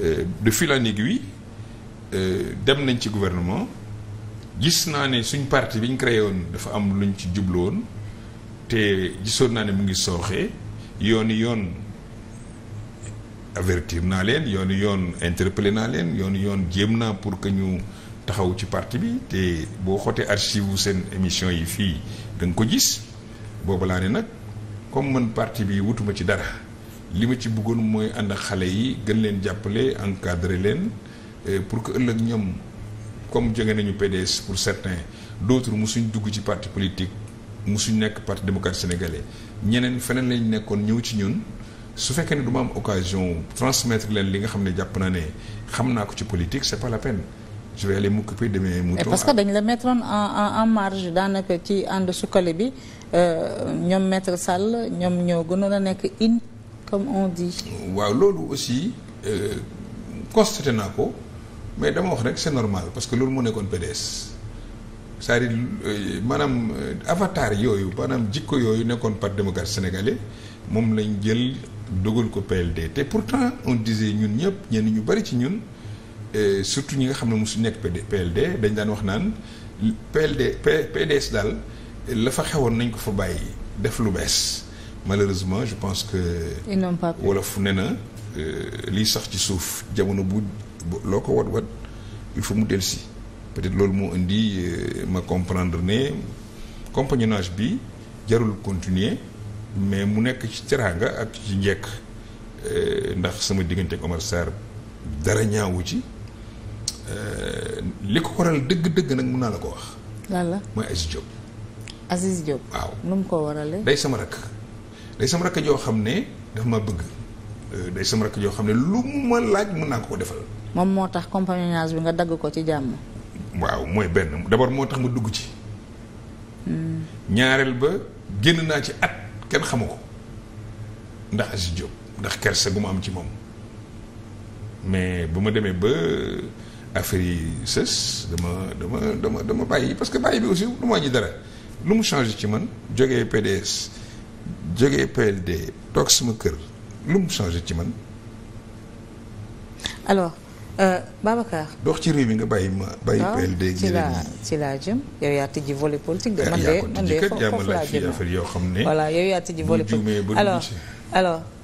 Euh, de fil wi aiguille euh, dem nañ ci gouvernement gis naa ne suñ parti bi ñu créé woon dafa am luñ ci jubloon te gisoon naa ne mu ngi sooxee yooni yoon avertir naa leen yooni yoon interpellé naa leen yooni yoon jéem naa pour que ñu taxaw ci parti bi te boo xotee archive seen émission yi fii danga ko gis booba laa ne nag comme man parti bi wutuma ci dara li ma ci bëggoon mooy ànd xale yi gën leen jàppale encadrer leen pour que ëllëg ñoom comme jóge nañu PDS pour certains d'autres musuñ dugg ci parti politique musuñ nekk parti démocrate sénégalais ñeneen feneen lañ nekkoon ñëw ci ñun su fekkee ne du ma am occasion transmettre leen li nga xam ne jàpp naa ne xam naa ko ci politique c'est pas la peine je vais aller m'occuper de mes moutons. parce que dañ la mettoon en en en marge daanaka ci ànd sukkale bi euh, ñoom maître Sall ñoom ñoo gënoon a nekk comme on dit. waaw loolu aussi euh, constaté naa ko mais dama wax rek c'est normal parce que loolu moo nekkoon PDS c'est-à-dire euh, maanaam euh, avatar yooyu maanaam jikko yooyu nekkoon Parti démocratique sénégalais moom lañ jël dogal ko PLD te pourtant on disait ñun ñëpp ñenn ñu bari ci ñun surtout ñi nga xam ne mosu nekk PLD dañ daan wax naan PLD PDS daal la fa xewoon nañ ko fa bàyyi def lu bees. malheureusement je pense que. ils n'ont pas wolof ne na euh, liy sax ci suuf jamono bu loo ko wat wat il faut mu dellusi peut-être loolu moo indi euh, ma comprendre ne compagnonnage bi jarul continuer mais mu nekk ci teraanga ak ci njekk euh, ndax sama diggante ak Omar dara ñaawu ci li ko waral dëgg-dëgg nag mun naa la ko wax. lan la mooy Aziz Diop. waaw nu mu ko waralee. day sama rakk. day sama rakk joo xam ne dafa ma bëgg euh, day sama rakk joo xam ne lu mu ma laaj mën naa ko ko defal. moom moo tax compagnonnage bi nga dagg ko ci jàmm. waaw mooy benn d'abord moo tax ma dugg ci. ñaareel ba génn naa ci at kenn xamu ko ndax Aziz Diop ndax kerse gu ma am ci moom mais bu ma demee ba affaire yi sës dama dama dama dama bàyyi parce que bàyyi bi aussi du ma wàññi dara lu mu changé ci man jógee PDS. jógee PLD toog sama kër lu mu ci man. alors euh, dox ci réew mi nga bàyyi ma bàyyi ah, PLD. ñeneen ñi ci laa jëm yow yaa tijji volet politique de. Ah, man de man de foofu laa laaj fii affaire yoo xam ne. voilà yow yaa tijji volet politique alors alors.